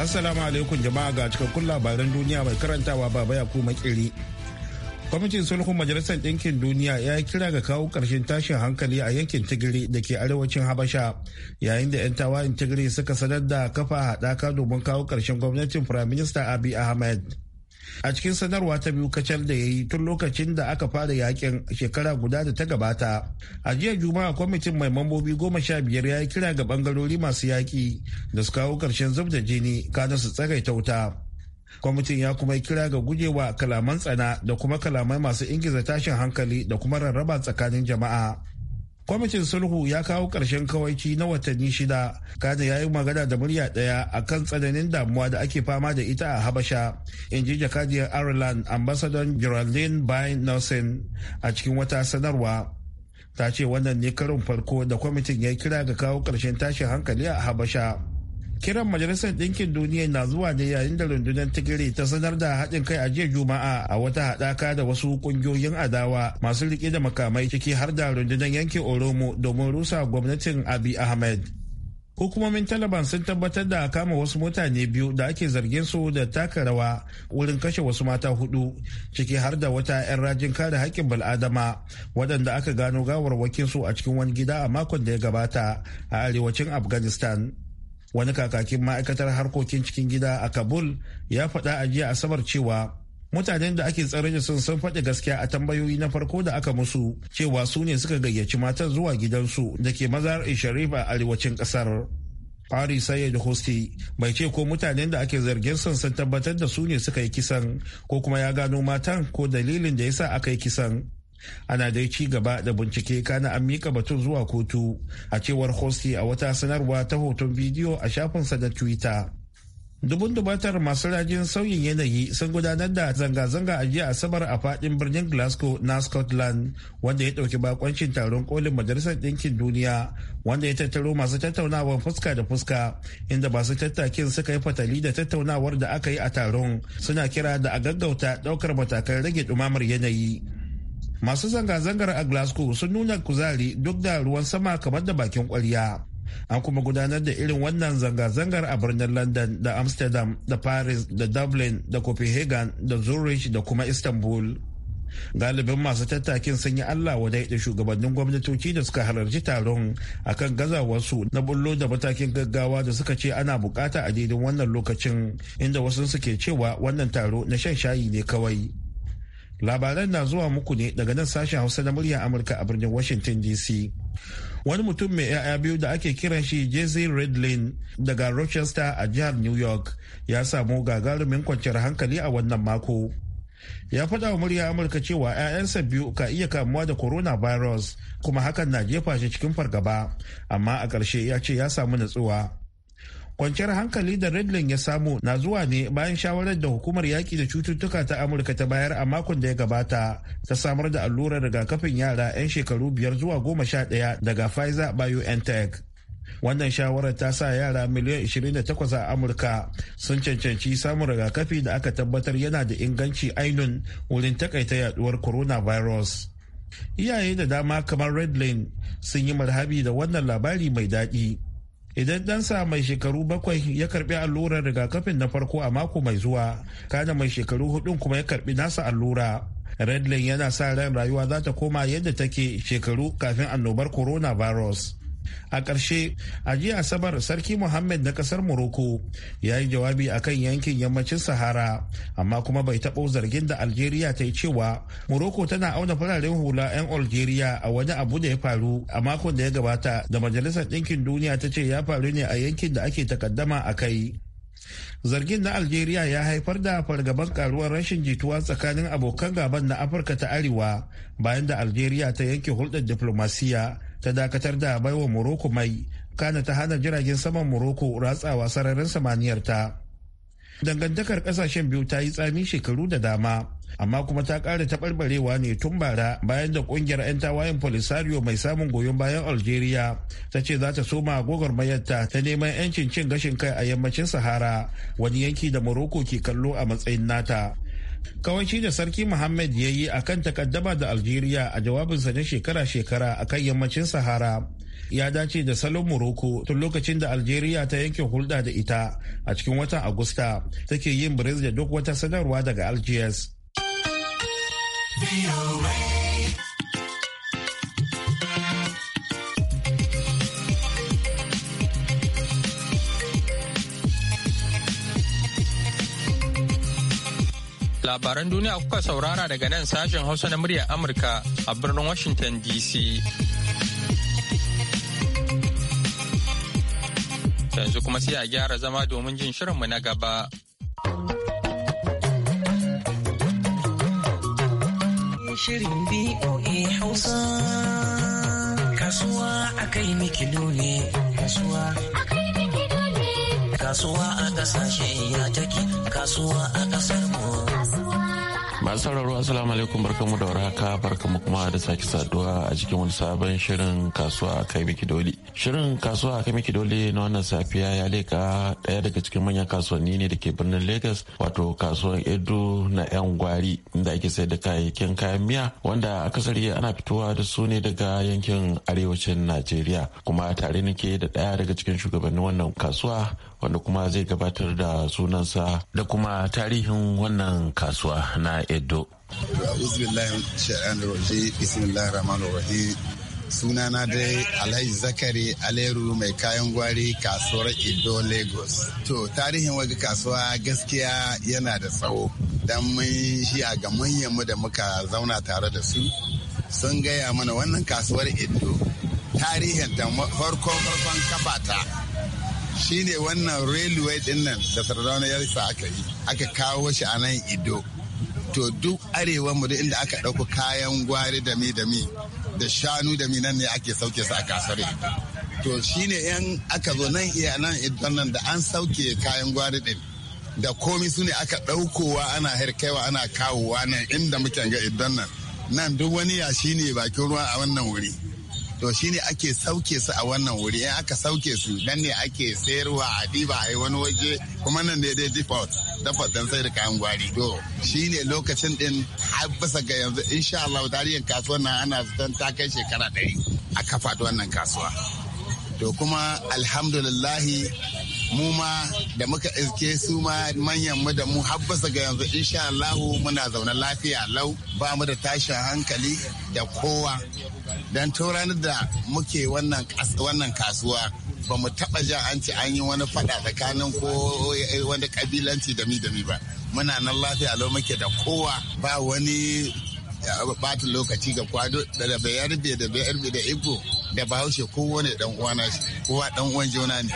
Assalamu alaikum jama'a ga cikakkun labaran duniya mai karantawa baba ya kuma kiri. Kwamitin sulhun Majalisar Ɗinkin Duniya ya yi kira ga kawo ƙarshen tashin hankali a yankin Tigiri da ke arewacin Habasha yayin da 'yan tawayin Tigiri suka sanar da kafa haɗaka domin kawo ƙarshen gwamnatin Firaminista Abiy Ahmed. a cikin sanarwa ta biyu kacal da ya yi tun lokacin da aka fara yakin shekara guda da ta gabata a jiya juma'a kwamitin mai mambobi goma sha biyar ya yi kira ga bangarori masu yaƙi da su kawo ƙarshen zub da jini kada su tsagaita wuta kwamitin ya kuma yi kira ga gujewa kalaman tsana da kuma kalamai masu ingiza tashin hankali da kuma rarraba tsakanin jama'a kwamitin sulhu ya kawo ƙarshen kawaici na watanni shida kada ya yi magana da murya ɗaya a kan tsananin damuwa da ake fama da ita a habasha in ji jakadiyar ireland ambassador geraldine bain nelson a cikin wata sanarwa ta ce wannan ne karin farko da kwamitin ya kira ga kawo ƙarshen tashin hankali a habasha kiran majalisar ɗinkin duniya na zuwa ne yayin da rundunar tigiri ta sanar da haɗin kai a jiya juma'a a wata haɗaka da wasu ƙungiyoyin adawa masu riƙe da makamai ciki har da rundunar yankin oromo domin rusa gwamnatin abi ahmed hukumomin taliban sun tabbatar da kama wasu mutane biyu da ake zargin su da taka rawa wurin kashe wasu mata hudu ciki har da wata 'yan rajin kare haƙƙin bal'adama waɗanda aka gano gawar su a cikin wani gida a makon da ya gabata a arewacin afghanistan wani kakakin ma'aikatar harkokin cikin gida a kabul ya faɗa a jiya asabar cewa mutanen da ake tsare da sun sun faɗi gaskiya a tambayoyi na farko da aka musu cewa su ne suka gayyaci matan zuwa gidansu da ke mazar sharifa a arewacin ƙasar Ari sayed Hosti bai ce ko mutanen da ake zargin sun sun tabbatar da su ne suka yi kisan ko kuma ya gano matan ko dalilin da yasa aka yi kisan. ana dai ci gaba da bincike kana an mika batun zuwa kotu a cewar hosti a wata sanarwa ta hoton bidiyo a shafinsa da twitter dubun dubatar masu rajin sauyin yanayi sun gudanar da zanga-zanga a jiya asabar a fadin birnin glasgow na scotland wanda ya dauki bakoncin taron kolin majalisar ɗinkin duniya wanda ya tattaro masu tattaunawar fuska da fuska inda masu tattakin suka yi fatali da tattaunawar da aka yi a taron suna kira da a gaggauta daukar matakan rage dumamar yanayi masu zanga-zangar a glasgow sun nuna kuzari duk da ruwan sama kamar da bakin kwarya an kuma gudanar da irin wannan zanga-zangar a birnin london da amsterdam da paris da dublin da copenhagen da zurich da kuma istanbul galibin masu tattakin sun yi allah wadai da shugabannin gwamnatoci da suka halarci taron akan gazawarsu na bullo da matakin gaggawa da suka ce ana bukata a daidai wannan lokacin inda wasu suke cewa wannan taro na shan shayi ne kawai labaran na zuwa muku ne daga nan sashen hausa na murya amurka a birnin washington dc wani mutum mai 'ya'ya biyu da ake kiran shi jesse redlin daga rochester a jihar new york ya samu gagarumin kwanciyar hankali a wannan mako ya faɗa wa murya amurka cewa 'ya'yansa biyu ka iya kamuwa da corona virus kuma hakan na jefa shi cikin fargaba amma a ƙarshe ya ce ya samu natsuwa kwanciyar hankali da redlin ya samu na zuwa ne bayan shawarar da hukumar yaƙi da cututtuka ta amurka ta bayar a makon da ya gabata ta samar da allurar rigakafin yara 'yan shekaru biyar zuwa goma sha ɗaya daga pfizer biontech wannan shawarar ta sa yara miliyan 28 a amurka sun cancanci samun rigakafi da aka tabbatar yana da inganci ainun wurin takaita yaduwar coronavirus iyaye da dama kamar redlin sun yi marhabi da wannan labari mai daɗi idan ɗansa mai shekaru bakwai ya karbi allurar rigakafin na farko a mako mai zuwa kana mai shekaru hudun kuma ya karbi nasa allura redlin yana sa ran rayuwa za ta koma yadda take shekaru kafin annobar coronavirus a ƙarshe a jiya asabar sarki muhammad na ƙasar morocco ya yi jawabi a kan yankin yammacin sahara amma kuma bai taɓo zargin da algeria ta yi cewa morocco tana auna fararen hula 'yan algeria a wani abu da ya faru a makon da ya gabata da majalisar ɗinkin duniya ta ce ya faru ne a yankin da ake takaddama a kai zargin na algeria ya haifar da fargaban karuwar rashin jituwa tsakanin abokan gaban na afirka ta arewa bayan da algeria ta yanke hulɗar diflomasiya. ta dakatar da baiwa Morocco mai kana ta hana jiragen saman Morocco ratsawa sararin samaniyar ta. Dangantakar kasashen biyu ta yi tsami shekaru da dama, amma kuma ta ƙara taɓarɓarewa ne tun bara bayan da ƙungiyar 'yan tawayen Polisario mai samun goyon bayan Algeria ta ce za ta soma gwagwarmayarta ta neman 'yancin cin gashin kai a yammacin Sahara, wani yanki da Morocco ke kallo a matsayin nata. kawanci da sarki muhammad ya yi akan takaddama da algeria a jawabinsa na shekara-shekara a kan yammacin sahara ya dace da salon morocco tun lokacin da algeria ta yanke hulɗa da ita a cikin watan agusta take yin bires da duk wata sanarwa daga algiers Labaran duniya kuka saurara daga nan sashen Hausa na muryar Amurka a birnin Washington DC. Yanzu kuma sai a gyara zama domin jin shirinmu na gaba. Kasuwa a Kasuwa a kasashe ya take Kasuwa a kasashe sauraro assalamu alaikum barkamu da waraka barkamu kuma da sake saduwa a cikin wani sabon shirin kasuwa a kai miki dole shirin kasuwa a kai miki dole na wannan safiya ya leka daya daga cikin manyan kasuwanni ne da ke birnin lagos wato kasuwar edo na yan gwari inda ake sayar da kayayyakin kayan miya wanda akasari ana fitowa da su ne daga yankin arewacin najeriya kuma tare nake da daya daga cikin shugabannin wannan kasuwa wanda kuma zai gabatar da sunansa da kuma tarihin wannan kasuwa na edo sunana dai alhaji zakari aleru mai kayan gwari kasuwar edo lagos to tarihin waga kasuwa gaskiya yana da tsawo don mun shi a ga manyanmu da muka zauna tare da su sun gaya mana wannan kasuwar edo tarihin da farkon farkon kafata shine wannan railway din nan da sardauna ya risa aka yi aka kawo shi a nan ido to duk arewa mu inda aka ɗauko kayan gwari da mi da mi da shanu da mi nan ne ake sauke su a kasar to shine yan aka zo nan iya nan ido nan da an sauke kayan gwari din da komi su ne aka ɗaukowa ana harkaiwa ana kawowa nan inda muke ga idan nan nan duk wani shi ne bakin ruwa a wannan wuri to shine ake sauke su a wannan wuri in aka sauke su nan ne ake sayarwa a diba a wani waje kuma nan ne dai default default dan sayar da kayan gwari to shine lokacin din har bisa ga yanzu insha Allah tarihin kasuwar nan ana zaton ta kai shekara ɗari a kafa wannan kasuwa to kuma alhamdulillahi mu ma da muka iske su ma manyan mu da mu habbasa ga yanzu insha Allah muna zaune lafiya lau ba mu da tashin hankali da kowa don ranar da muke wannan kasuwa ba mu taba jan an ce an yi wani fada tsakanin ko wani kabilanci da mi ba muna nan lafiya lau muke da kowa ba wani bata eh, lokaci ga kwado da bayar da bayar da igbo da bahaushe kowane dan uwana kowa dan uwan juna ne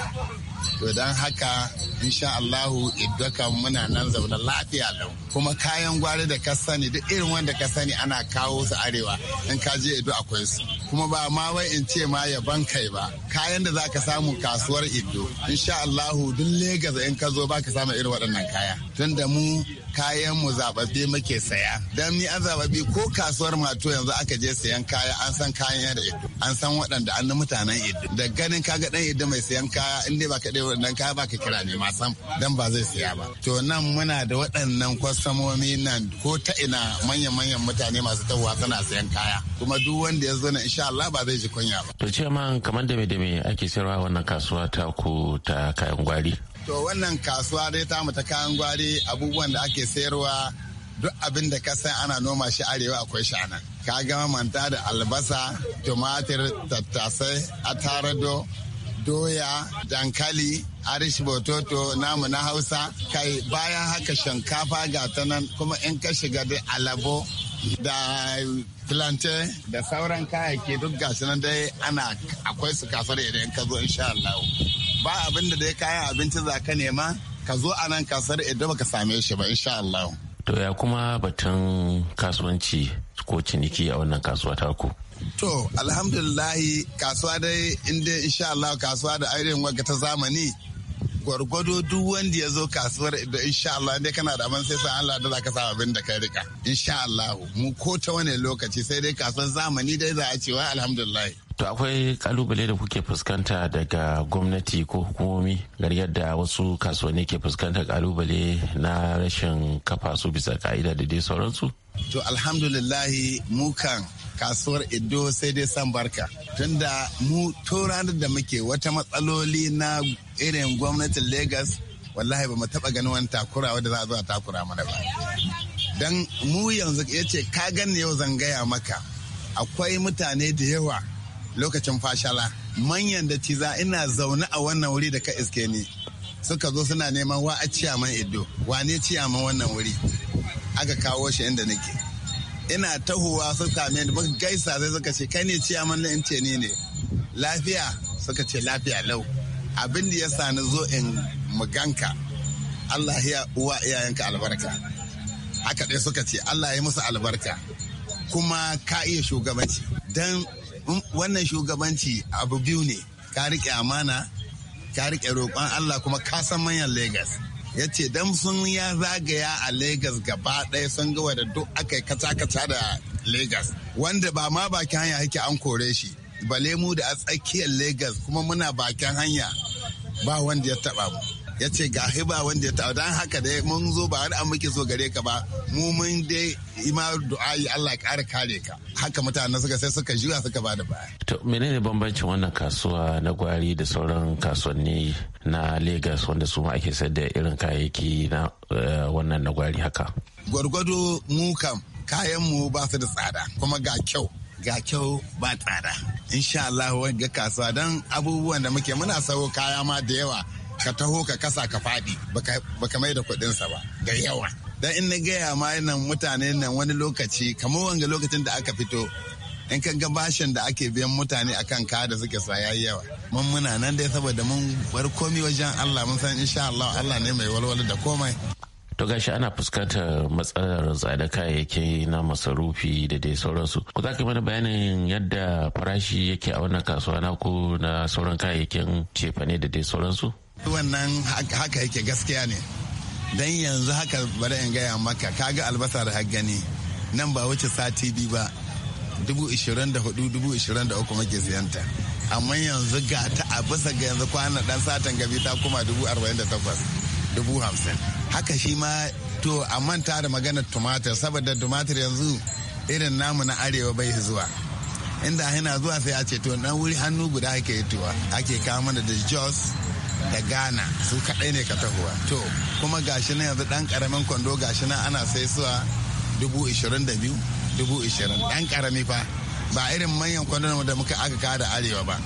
to don haka insha Allahu iddukan muna nan zaune lafiya lau kuma kayan gwari da ka sani duk irin wanda ka sani ana kawo su arewa in ka je ido akwai su kuma ba ma wai in ce ma ya ban kai ba kayan da zaka samu kasuwar ido insha Allahu duk Legas in ka zo baka samu irin waɗannan kaya tunda mu kayan mu zababbe muke saya dan ni an zababbe ko kasuwar mato yanzu aka je sayan kaya an san kayan da ido an san waɗanda an na mutanen ido da ganin kaga dan ido mai sayan kaya in dai baka dai wannan kaya baka kira ne ma san dan ba zai saya ba to nan muna da waɗannan kwastomomi nan ko ta ina manyan-manyan mutane masu tawa suna sayan kaya kuma duk wanda ya zo na insha Allah ba zai ji kunya ba to ce man kamar da me da me ake sayarwa wannan kasuwa ta ku ta kayan gwari To wannan kasuwa dai ta ta kayan gwari abubuwan da ake sayarwa duk abin da ka san ana noma shi arewa akwai shi anan. Ka gama manta da albasa, tumatir, tattasai, atarado, doya, dankali, arish bototo, namu na hausa, kai bayan haka shinkafa ga ta nan kuma in ka shiga dai alabo da filante da sauran kayayyaki duk gashi nan dai ana akwai su kasar idan ka zo insha Allah. ba abin da dai kayan abinci za ka nema ka zo a nan kasar idan baka same shi ba insha Allah. To ya kuma batun kasuwanci ko ciniki a wannan kasuwa ta ku? To alhamdulillahi kasuwa dai inda insha Allah kasuwa da ainihin wanka ta zamani gwargwado duk wanda ya zo kasuwar da insha Allah dai kana da sai san Allah da zaka samu abin da ka rika insha Allah mu ko ta wani lokaci sai dai kasuwar zamani dai za a cewa alhamdulillah To akwai kalubale da kuke fuskanta daga gwamnati ko hukumomi gari yadda wasu kasuwanni ke fuskanta kalubale na rashin kafa su bisa ka'ida da dai sauransu? To alhamdulillahi mukan kasuwar Ido sai dai san barka. Tunda mu to da muke wata matsaloli na irin gwamnatin Legas wallahi ba mu taɓa ganin wani takura wadda za a zo a takura mana ba. Dan mu yanzu ya ce ka gani yau zan gaya maka akwai mutane da yawa lokacin fashala manyan da ciza ina zaune a wannan wuri da ka iske ni suka zo suna neman wa a ciyaman Ido wane ciyaman wannan wuri aka kawo shi inda nake. ina tahowa su same ni muka gaisa sai suka ce kai ne ciyaman in ce ni ne lafiya suka ce lafiya lau abin da ya sani zo in muganka Allah ya uwa iyayenka albarka haka dai suka ce Allah ya musu albarka kuma ka iya shugabanci dan wannan shugabanci abu biyu ne ka riƙe amana ka riƙe roƙon Allah kuma ka san manyan Legas. ya ce don sun ya zagaya a Legas gaba ɗaya sun ga da duk aka yi kata-kata da Legas wanda ba ma bakin hanya yake an kore shi bale mu da a tsakiyar Legas kuma muna bakin hanya ba wanda ya taba mu ya ce ga hiba wanda ya tawo don haka dai mun zo ba wani an muke so gare ka ba mu mun dai ima du'ayi Allah ƙara kare ka haka mutane suka sai suka jiwa suka ba da baya. To menene bambancin wannan kasuwa na gwari da sauran kasuwanni na Lagos wanda su ma ake sayar da irin kayayyaki na eh, wannan na gwari haka? Gwargwado mu kam kayan mu ba su da tsada kuma ga kyau ga kyau ba tsada insha Allah ga kasuwa don abubuwan da muke muna sawo kaya ma da yawa ka taho ka kasa ka faɗi baka mai da sa ba da yawa dan in na gaya ma nan mutane nan wani lokaci kamar wanga lokacin da aka fito in kan ga bashin da ake biyan mutane akan ka da suke saya yawa mun muna nan dai saboda mun bar komi wajen Allah mun san insha Allah Allah ne mai walwala da komai to gashi ana fuskantar matsalar tsada kayayyaki na masarufi da dai sauransu ku za ka mana bayanin yadda farashi yake a wannan kasuwa na ku na sauran kayayyakin cefane da dai sauransu wannan haka yake gaskiya ne don yanzu haka bari in gaya maka kaga albasa da gani nan ba wuce sati biyu ba dubu ishirin da hudu dubu ishirin da uku muke siyanta amma yanzu ga ta a bisa ga yanzu kwana dan satan gabi ta kuma dubu arba'in da takwas dubu hamsin haka shi ma to a manta da magana tumatir saboda tumatir yanzu irin namu na arewa bai zuwa inda hina zuwa sai a ce to na wuri hannu guda ake tuwa ake kawo mana da jos da ghana su kaɗai ne ka tahowa to kuma gashi na yanzu ɗan ƙaramin kwando gashi na ana sai suwa dubu ishirin da biyu dubu ishirin ɗan ƙarami fa ba irin manyan kwandon da muka aka da arewa ba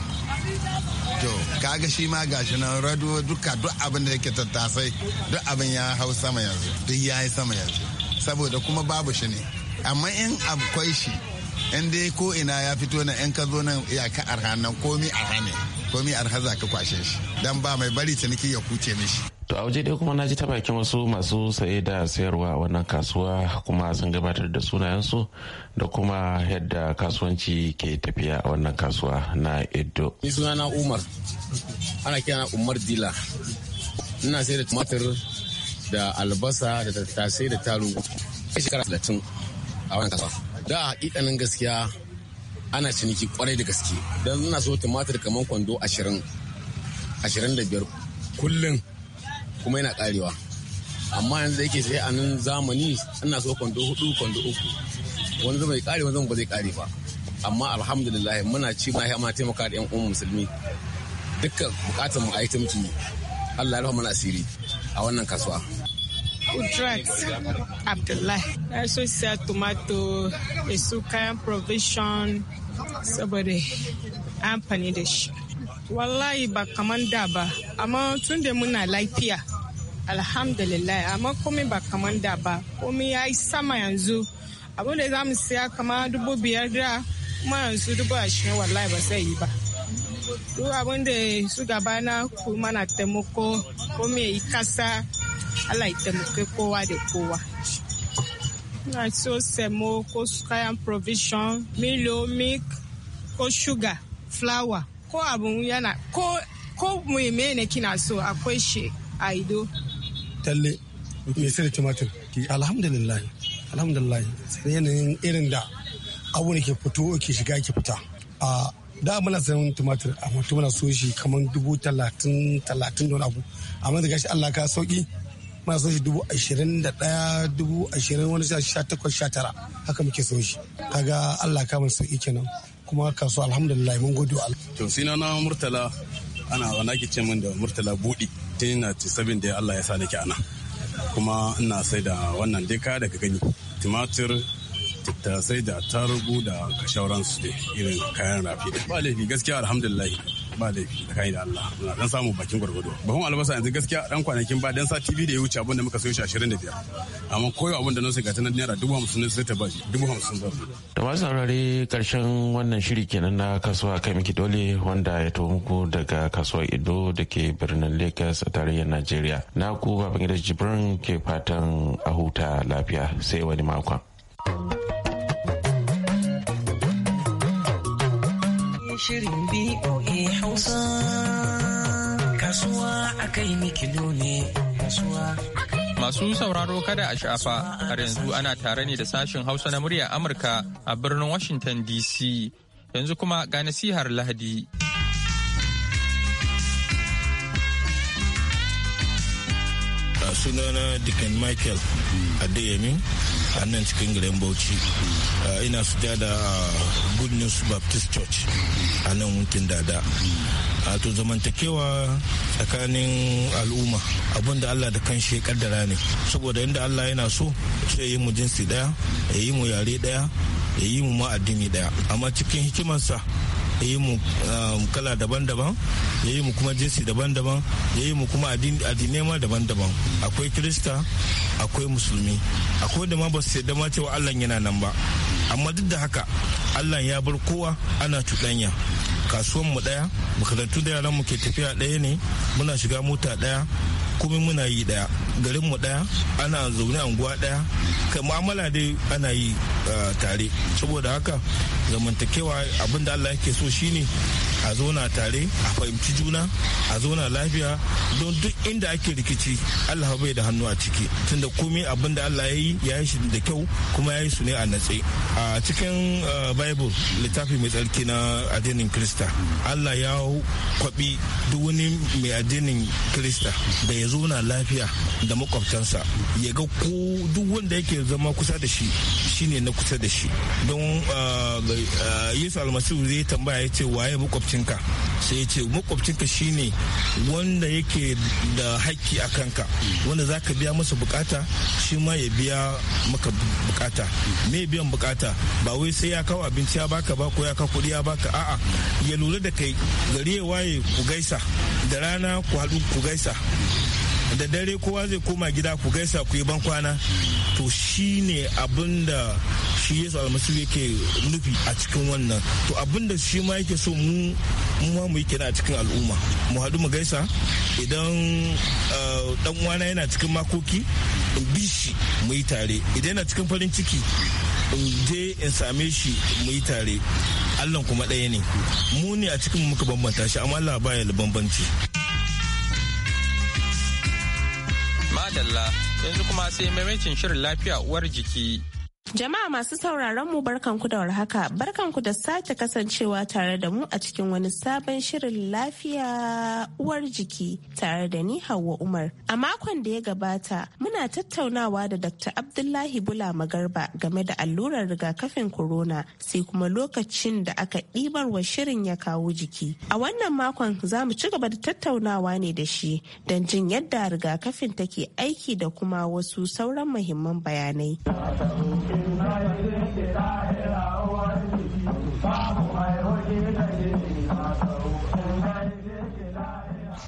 to kaga shi ma gashi na rado duka duk abin da yake tattasai duk abin ya hau sama yanzu duk ya yi sama yanzu saboda kuma babu shi ne amma in akwai shi in dai ko ina ya fito na in ka zo nan iyaka ka nan komi arha ko mi haza ka kwashe shi dan ba mai bari niki ya kuce mishi to a waje dai kuma na ji ta bakin wasu masu saye da sayarwa a wannan kasuwa kuma sun gabatar da sunayensu da kuma yadda kasuwanci ke tafiya a wannan kasuwa na edo ni na umar ana kira umar dila ina sai da tumatir da albasa da tattasai da a shekara 30 a wannan kasuwa da a gaskiya ana ciniki kwarai da gaske don ina so tumatir kamar kwando ashirin ashirin da biyar kullum kuma yana karewa amma yanzu da yake sai a nan zamani ina so kwando hudu kwando uku wani zama ya kare wani zama ba zai kare ba amma alhamdulillah muna ci ma ya taimaka da yan uwan musulmi dukkan bukatar mu a yi Allah ya rahama asiri a wannan kasuwa. Kudrat Abdullahi. I also sell tomato, su kayan provision saboda amfani da shi. Wallahi ba kaman da ba, amma tun da muna lafiya. Alhamdulillah, amma komai ba kaman da ba, komai ya yi sama yanzu. Abin da za mu siya kama dubu biyar da kuma yanzu dubu ashirin wallahi ba zai yi ba. Duk abin da su gabana kuma na taimako, omi yi kasa Allah ya taimake kowa da kowa. Ina so semo ko kayan provision, milo, milk, ko sugar, flour, ko abun yana ko ko ne kina so akwai shi a ido. Talle, me sai da tumatir? Alhamdulillah, alhamdulillah, sai yanayin irin da abu ne ke fito ke shiga ke fita. A da muna sayan tumatir amma muna so shi kamar dubu talatin talatin don abu amma da gashi Allah ka sauki muna so shi dubu ashirin da ɗaya dubu ashirin wani sha takwas sha tara haka muke so shi kaga allah kama sauki kenan kuma kasuwa alhamdulillah mun gode wa to sina na murtala ana wana ke ce min da murtala buɗi tun na ci sabin da allah ya sa nake ana kuma ina sai da wannan dai daga gani tumatir tattasai da tarugu da shauransu da irin kayan rafi da ba laifi gaskiya alhamdulillah ba laifi kai da Allah dan samu bakin gwargwado bahon albasa yanzu gaskiya dan kwanakin ba dan sa tv da ya wuce abin da muka sayo shi 25 amma koyo abin da na sai gata na naira dubu hamsin sai ta bashi dubu hamsin ba da masu saurare karshen wannan shiri kenan na kasuwa kai miki dole wanda ya to muku daga kasuwar ido da ke birnin Lagos a tarayyar Najeriya na ku baban gidan Jibrin ke fatan a huta lafiya sai wani makon. Shirin BOA hausa kasuwa akai mikilo ne Masu sauraro kada a shafa har yanzu ana tare ne da sashen hausa na murya Amurka a birnin Washington DC yanzu kuma ga nasihar Lahadi. sunana dikin Michael Adeyemi a cikin garin bauchi uh, ina sujada a uh, good news baptist church a nan wuntin dada a uh, to zamantakewa tsakanin al'umma abinda allah da kan shi kaddara ne saboda inda allah yana so sai yi mu jinsi daya ya yi mu yare daya ya yi mu ma'addini daya amma cikin hikimarsa ya yi mu um, kala daban-daban ya yi mu kuma jinsi daban-daban ya yi mu kuma addinai ma daban-daban akwai kirista akwai musulmi akwai da ma ba su yadda ma cewa allah yana nan ba amma duk da haka allah ya bar kowa ana cuɗanya kasuwan mu ɗaya makarantu da yaran mu ke tafiya ɗaya ne muna shiga mota ɗaya komai muna yi daya garin mu daya ana zaune anguwa daya kai mu'amala dai ana yi tare saboda haka zamantakewa abinda da Allah yake so shine a zauna tare a fahimci juna a zauna lafiya don duk inda ake rikici Allah bai da hannu a ciki tunda komai abinda Allah ya yi ya yi shi da kyau kuma ya yi su ne a natse a cikin bible littafi mai tsarki na addinin krista Allah ya kwabi duk wani mai addinin krista da ya zauna lafiya da makwabtansa ya ga ko duk wanda yake zama kusa da shi shine na kusa da shi don ah, ah, yesu almasu zai tambaya ya ce waye makwabcinka sai ya ce makwabcinka shine wanda yake da haƙƙi a kanka wanda za ka biya masa bukata shi ma ya biya maka bukata me biyan bukata ba wai sai ya kawo abinci ya baka ba ko ya ka kuɗi ya baka a'a ya lura da kai gari ya waye ku gaisa da rana ku haɗu ku gaisa da dare kowa zai koma gida ku gaisa ku yi ban kwana to shi ne abin da shi yesu almasu yake nufi a cikin wannan to abin da shi ma yake so mu ma mu yi kira a cikin al'umma mu haɗu mu gaisa idan dan eh, uwana yana cikin makoki in bi shi mu yi tare idan yana cikin farin ciki in je in same shi mu yi tare allah kuma ɗaya ne mu ne a cikin muka bambanta shi amma allah baya bambanci Talla yanzu kuma sai maimacin shirin lafiya uwar jiki. Jama'a masu sauraron mu barkanku da warhaka, barkanku da sake kasancewa tare da mu a cikin wani sabon shirin lafiya uwar jiki tare da ni Hauwa Umar. A makon da ya gabata muna tattaunawa da Dr. Abdullahi Bula Magarba game da allurar rigakafin corona sai kuma lokacin da aka ɗibar wa shirin ya kawo jiki. A wannan makon za mu ci gaba da tattaunawa ne da shi don jin yadda rigakafin take aiki da kuma wasu sauran muhimman bayanai. babu mai hoji da ke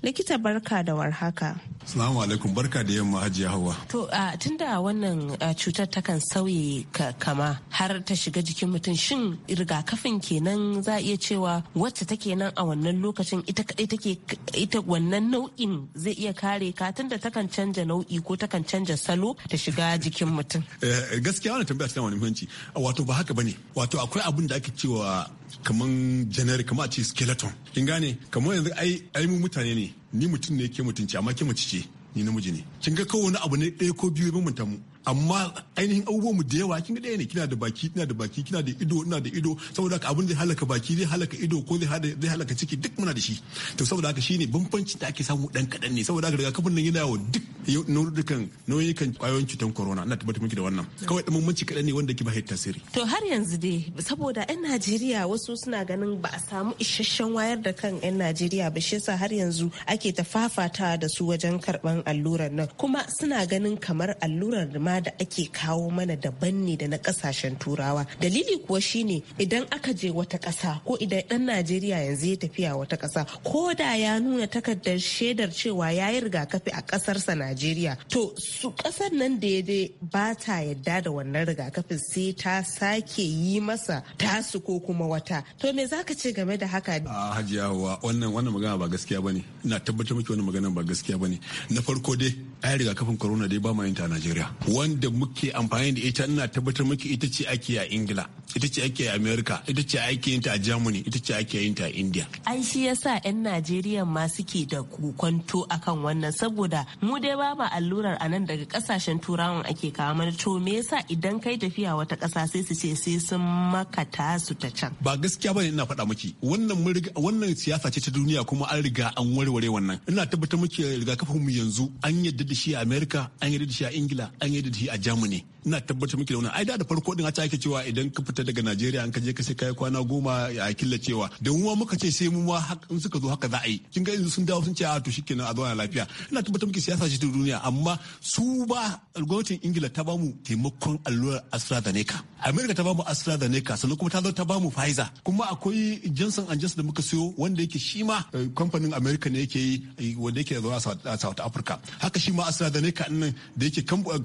Likita barka da warhaka. Salamu alaikum barka da yamma hajiya hawa. To uh, tunda wannan cutar cutar kan sauye kama har ta shiga jikin mutum shin rigakafin kenan za a iya cewa wacce take nan a wannan lokacin ita kadai take ita wannan nau'in zai iya kare ka tunda takan canja nau'i ko takan canja salo ta shiga jikin mutum. Eh, gaskiya wannan tambaya tana wani muhimmanci wato ba haka bane wato akwai abin da ake cewa kaman generic kamar a ce skeleton kin gane kamar yanzu ai ai mu mutane ne ni mutum ne ke mutunci amma ke mace ce ni namiji ne kin ga kowane abu ne ɗaya ko biyu ya bambanta mu amma ainihin abubuwan mu da yawa kin ga ne kina da baki kina da baki kina da ido ina da ido saboda haka abin da halaka baki zai halaka ido ko zai halaka ciki duk muna da shi to saboda haka shine bambancin da ake samu dan kadan ne saboda haka daga kafin nan yana wa duk nau'ukan nau'ikan kwayoyin cutar corona ina tabbatar miki da wannan kawai da bambanci kadan ne wanda ke ba tasiri to har yanzu dai saboda yan Najeriya wasu suna ganin ba a samu isasshen wayar da kan yan Najeriya ba shi yasa har yanzu ake ta fafata da su wajen karban allurar nan kuma suna ganin kamar allurar da da ake kawo mana daban ne da na kasashen turawa dalili kuwa shine idan aka je wata ƙasa ko idan ɗan najeriya yanzu ya tafiya wata ƙasa ko da ya nuna takardar shaidar cewa ya yi rigakafi a ƙasarsa najeriya to su ƙasar nan da ya dai ba ta yadda da wannan rigakafin sai ta sake yi masa tasu ko kuma wata to me za ka ce game da haka a hajiya wannan wannan magana ba gaskiya ba ne na tabbatar miki wannan magana ba gaskiya ba ne na farko dai yi rigakafin corona dai ba ma yin ta a najeriya wanda muke amfani da ita ina tabbatar muke ita ce ake a ingila ita ce ake a america ita ce ake yin ta a germany ita ce ake yin ta a india ai shi yasa yan najeriya ma suke da kokonto akan wannan saboda mu dai ba ma allurar a nan daga kasashen turawan ake kawo mana to me yasa idan kai tafiya wata kasa sai su ce sai sun maka su ta can ba gaskiya bane ina faɗa miki wannan wannan siyasa ce ta duniya kuma an riga an warware wannan ina tabbatar muke kafin mu yanzu an yadda da shi a america an yadda da shi a ingila an yadda he at Germany ina tabbatar miki da wannan ai da da farko din a ake cewa idan ka fita daga Najeriya an ka je ka sai kai kwana goma a cewa. da mu muka ce sai mu ma in suka zo haka za a yi kin ga yanzu sun dawo sun ce a ah, to shikenan a zauna lafiya ina tabbatar miki siyasa ce ta duniya amma su ba gwamnatin Ingila ta bamu taimakon allurar AstraZeneca America ta bamu AstraZeneca sannan kuma ta zo ta bamu Pfizer kuma akwai Johnson Johnson da muka siyo wanda yake shi ma eh, kamfanin America ne yake yi eh, wanda yake zaune a South Africa haka shi ma AstraZeneca din da yake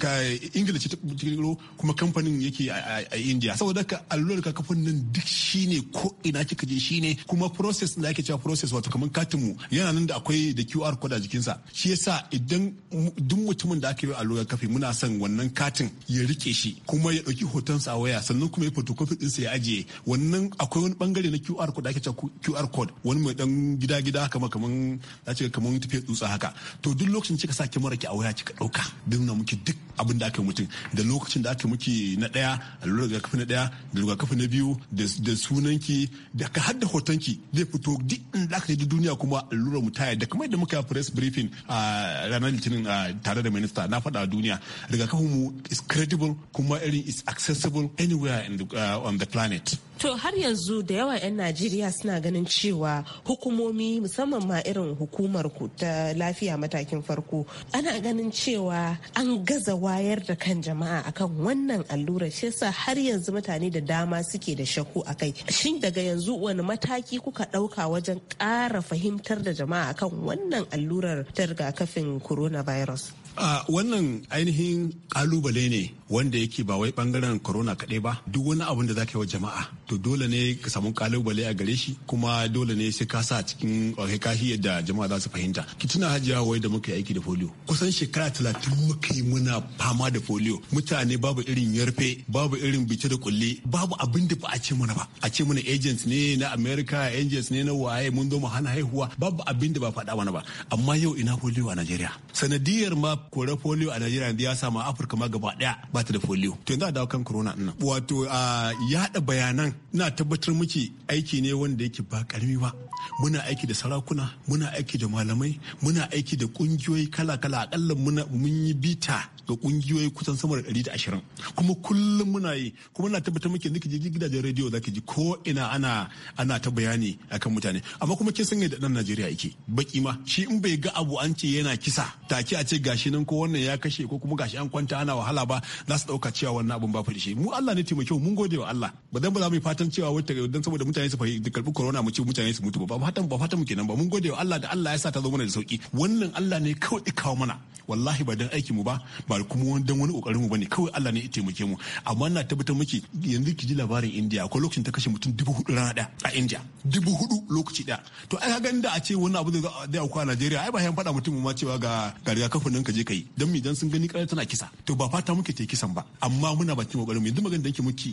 eh, Ingila ce kirkiro kuma kamfanin yake a India saboda ka allurar kafin nan duk shine ko ina kika je shine kuma process da ake cewa process wato kamar katin mu yana nan da akwai da QR code a jikinsa shi yasa idan duk mutumin da aka yi allurar kafi muna son wannan katin ya rike shi kuma ya dauki hotonsa a waya sannan kuma ya photocopy ɗinsa ya ajiye wannan akwai wani bangare na QR code da ake cewa QR code wani mai dan gida gida kama kaman za ce kaman tafiya tsutsa haka to duk lokacin kika sa kyamara ki a waya kika dauka dinna muke duk abin da aka yi mutum da lokacin da aka muke na ɗaya allurar rigakafi na ɗaya da rigakafi na biyu da sunanki da ka hada hotonki zai fito duk inda aka yi duniya kuma allurar mu ta da kamar yadda muka press briefing a ranar litinin tare da minista na faɗa a duniya rigakafin mu is credible kuma irin is accessible anywhere uh, on the planet. To har yanzu da yawa 'yan Najeriya suna ganin cewa hukumomi musamman ma irin hukumar ku ta lafiya matakin farko ana ganin cewa an gaza wayar da kan jama'a akan wannan allurar shi yasa har yanzu mutane da dama suke da shakku kai Shin daga yanzu wani mataki kuka ɗauka wajen ƙara fahimtar da jama'a akan wannan allurar ta rigakafin coronavirus? Uh, wannan ainihin kalubale ne wanda yake ba wai bangaren corona kaɗai ba duk wani abin da za ka yi wa jama'a to dole ne ka samu kalubale a gare shi kuma dole ne sai ka sa cikin kai kashi jama'a za su fahimta ki tuna hajiya wai da muka yi aiki da polio kusan shekara talatin muka yi muna fama da polio mutane babu irin yarfe babu irin bice da kulle babu abin da ba a ce mana ba a ce mana agents ne na america agents ne na waye mun zo mu hana haihuwa babu abin da ba faɗa mana ba amma yau ina polio a najeriya sanadiyar ma kore polio a Najeriya yanzu ya samu Afirka ma gaba daya ba ta da polio. To yanzu a dawo kan corona ɗin nan. Wato a yaɗa bayanan na tabbatar miki aiki ne wanda yake ba ƙarami ba. Muna aiki da sarakuna, muna aiki da malamai, muna aiki da kungiyoyi kala-kala akalla muna mun yi bita ga ƙungiyoyi kusan sama da 120 kuma kullum muna yi kuma na tabbatar muke zaki ji gidajen rediyo zaki ji ko ina ana ana ta bayani akan mutane amma kuma kin san yadda dan Najeriya yake baki ma shi in bai ga abu an ce yana kisa take a ce gashi ganin ko wannan ya kashe ko kuma gashi an kwanta ana wahala ba za su dauka cewa wannan abun ba fulishi mu Allah ne taimake mu mun gode wa Allah ba dan ba za mu fatan cewa wata dan saboda mutane su fahimci karbi corona mu ce mutane su mutu ba ba fatan ba fatan mu kenan ba mun gode wa Allah da Allah ya sa ta zo mana da sauki wannan Allah ne kawai kawo mana wallahi ba dan aiki mu ba ba kuma wani dan wani kokarin mu bane kawai Allah ne ya taimake mu amma ina tabbatar miki yanzu ki ji labarin India akwai lokacin ta kashe mutum dubu hudu rana a India dubu hudu lokaci daya to ai ga da a ce wani abu da zai auku a Najeriya ai ba yan faɗa mutum ma cewa ga ga kafin nan ka je ka yi don mu idan sun gani karar tana kisa to ba fata muke ta kisan ba amma muna ba bakin kokarin mu yanzu magana da yake muke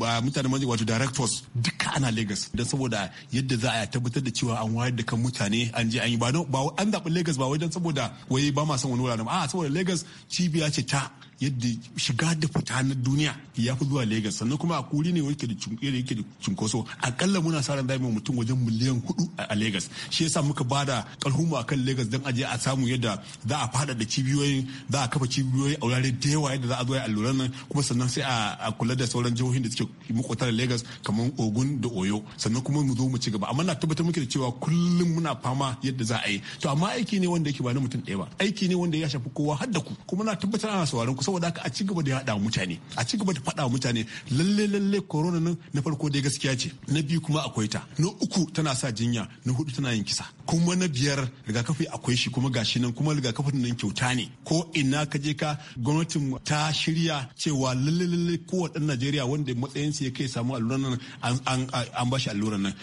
ba mutane manje wato directors duka ana legas dan saboda yadda za a tabbatar da cewa an wayar da kan mutane an je an yi ba an zaɓi Lagos ba wai dan saboda wai ba ma son wani wuraren a saboda legas cibiya ce ta yadda shiga da fita na duniya ya fi zuwa Legas sannan kuma a kuri ne yake da yake da cinkoso akalla muna sa ran mu mutum wajen miliyan hudu a Legas shi yasa muka ba da bada a kan Legas don aje a samu yadda za a fada da cibiyoyin za a kafa cibiyoyi a wurare da yawa yadda za a zo a alluran nan kuma sannan sai a kula da sauran jihohin da suke makwata da Legas kamar Ogun da Oyo sannan kuma mu zo mu ci gaba amma na tabbatar muke da cewa kullum muna fama yadda za a yi to amma aiki ne wanda yake ba na mutum ɗaya ba aiki ne wanda ya shafi kowa har da ku kuma na tabbatar ana sauraron ku saboda haka a ci gaba da yaɗa mutane a ci gaba da faɗa mutane lalle lalle corona nan na farko dai gaskiya ce na biyu kuma akwai ta na uku tana sa jinya na hudu tana yin kisa kuma na biyar rigakafi akwai shi kuma gashi nan kuma rigakafin nan kyauta ne ko ina ka je ka gwamnatin ta shirya cewa lalle lalle kowa dan Najeriya wanda matsayinsa ya kai samu alluran nan an bashi alluran nan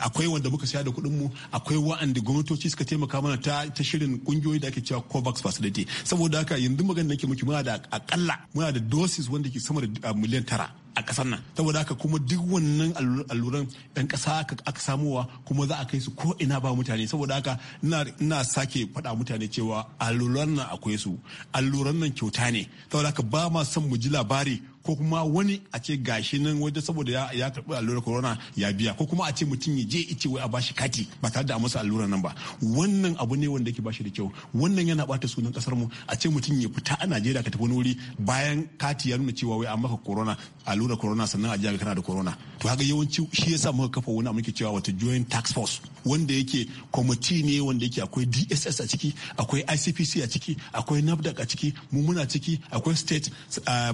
akwai wanda muka saya da kuɗin mu akwai wa'anda gwamnatoci suka taimaka mana ta shirin kungiyoyi da ake cewa COVAX facility saboda haka yanzu magana nake muke muna da akalla muna da doses wanda ke sama da ah, miliyan tara a ƙasar nan saboda haka kuma duk wannan alluran yan ƙasa aka samowa kuma za a kai su ko ina ba mutane saboda haka ina sake faɗa mutane cewa alluran nan akwai su alluran nan kyauta ne saboda haka ba ma son mu ji labari ko kuma wani a ce gashi nan waje saboda ya, ya karɓi allurar corona ya biya ko kuma a ce mutum ya je ice wai a bashi kati ba tare da a masa allurar nan ba wannan abu ne wanda yake bashi da kyau wannan yana bata sunan kasar mu a ce mutum ya fita a Najeriya ka tafi wani wuri bayan kati ya nuna cewa wai an maka corona allurar corona sannan a jiya kana da corona to haka yawanci shi yasa muka kafa wani abu muke cewa wato joint tax force wanda yake kwamiti ne wanda yake akwai DSS a ciki akwai ICPC a ciki akwai NAFDAC a ciki mu muna ciki akwai state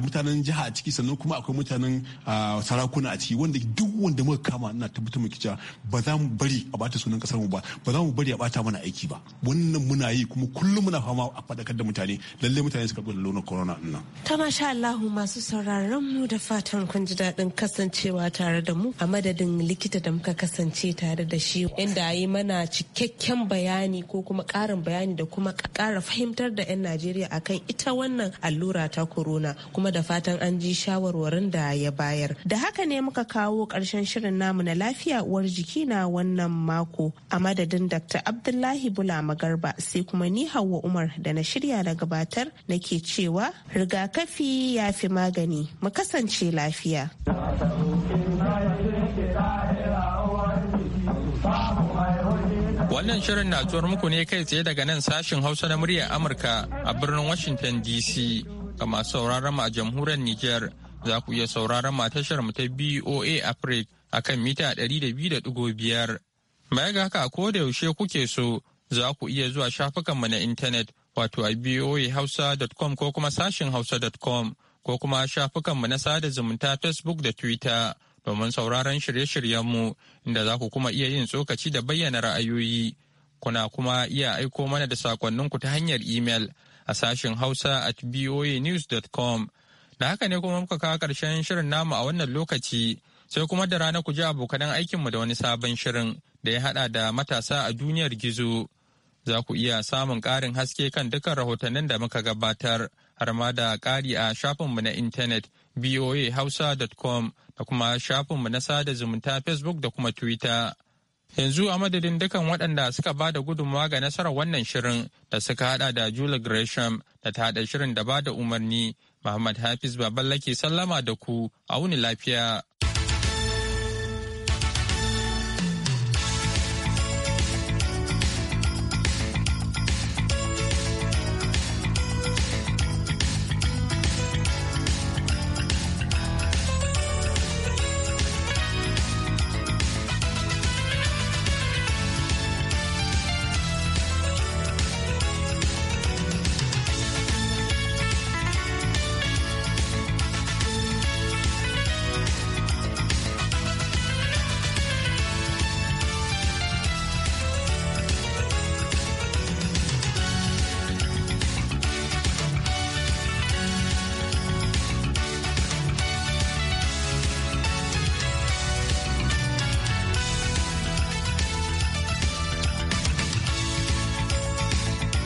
mutanen jiha a ciki ciki sannan kuma akwai mutanen sarakuna a ciki wanda duk wanda muka kama ina tabbatar muke cewa ba za mu bari a bata sunan kasar mu ba ba za mu bari a bata mana aiki ba wannan muna yi kuma kullum muna fama a fadakar da mutane lalle mutane su karɓi lalunar corona ina. nan. ta masha Allahu masu sauraron mu da fatan kun ji daɗin kasancewa tare da mu a madadin likita da muka kasance tare da shi inda yi mana cikakken bayani ko kuma ƙarin bayani da kuma ƙara fahimtar da 'yan Najeriya akan ita wannan allura ta corona kuma da fatan an ji shawarwarin da ya bayar. Da haka ne muka kawo ƙarshen shirin namu na lafiya uwar jiki na wannan mako a madadin Dr. Abdullahi Bula Magarba sai kuma ni Hauwa Umar da na shirya na gabatar nake cewa rigakafi ya fi magani mu kasance lafiya. Wannan shirin na muku ne kai tsaye daga nan sashin Hausa na muryar Amurka a birnin Washington DC. Ga masu sauraron mu a jamhuriyar Nijar za ku iya sauraron mu a tashar mu ta BOA Africa a kan mita 200.5. Baya ga haka ko da yaushe kuke so za ku iya zuwa shafukan mu na intanet wato a boahausa.com ko kuma sashin hausa.com ko kuma shafukan mu na sada zumunta Facebook da Twitter domin sauraron shirye shiryen mu inda za ku kuma iya yin tsokaci da bayyana ra'ayoyi. Kuna kuma iya aiko mana da sakonninku ta hanyar imel a sashen Hausa at voanews.com. Da haka ne kuma muka kawo ƙarshen shirin namu a wannan lokaci sai kuma da rana ku ji abokanan aikinmu da wani sabon shirin da ya haɗa da matasa a duniyar gizo. Za ku iya samun ƙarin haske kan dukkan rahotannin da muka gabatar har ma da ƙari a shafinmu na intanet voahausa.com da kuma shafinmu na sada zumunta Facebook da kuma Twitter. Yanzu a madadin dukan waɗanda suka ba da gudunmawa ga nasarar wannan shirin da suka haɗa da jula Gresham da ta haɗa shirin da ba da umarni Muhammad Hafiz Baballa ke sallama da ku a wuni lafiya.